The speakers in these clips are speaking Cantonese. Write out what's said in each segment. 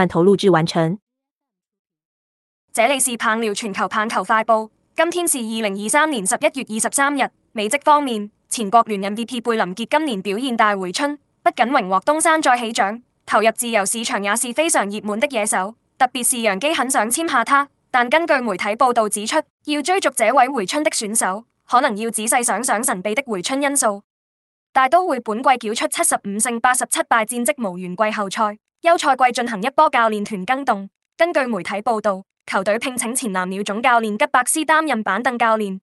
慢，慢投入至完成。這裏是棒聊全球棒球快報。今天是二零二三年十一月二十三日。美職方面，前國聯 MVP 貝林傑今年表現大回春，不僅榮獲東山再起獎，投入自由市場也是非常熱門的野手。特別是洋基很想簽下他，但根據媒體報道指出，要追逐這位回春的選手，可能要仔細想想神秘的回春因素。大都會本季繳出七十五勝八十七敗戰績，無緣季後賽。休賽季進行一波教練團更動，根據媒體報道，球隊聘請前藍鳥總教練吉伯斯擔任板凳教練。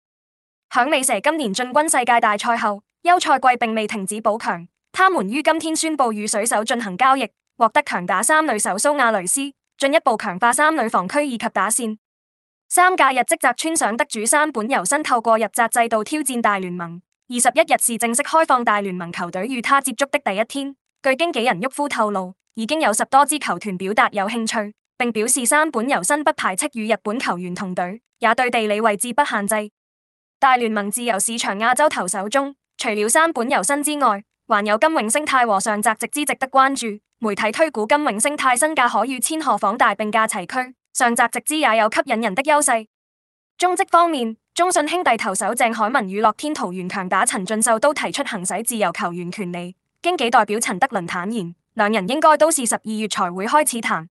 響尾蛇今年進軍世界大賽後，休賽季並未停止補強，他們於今天宣布與水手進行交易，獲得強打三壘手蘇亞雷斯，進一步強化三壘防區以及打線。三屆日職澤村賞得主山本由伸透過入札制度挑戰大聯盟，二十一日是正式開放大聯盟球隊與他接觸的第一天。據經紀人沃夫透露。已經有十多支球團表達有興趣，並表示山本由伸不排斥與日本球員同隊，也對地理位置不限制。大聯盟自由市場亞洲投手中，除了山本由伸之外，還有今永昇太和上澤直之值得關注。媒體推估今永昇太身價可與千賀晃大並駕齊驅，上澤直之也有吸引人的優勢。中職方面，中信兄弟投手鄭凱文、與樂天、桃園強打陳俊秀都提出行使自由球員權利，經紀代表陳德倫坦言。兩人應該都是十二月才會開始談。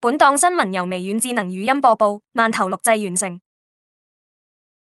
本檔新聞由微軟智能語音播報，萬頭錄製完成。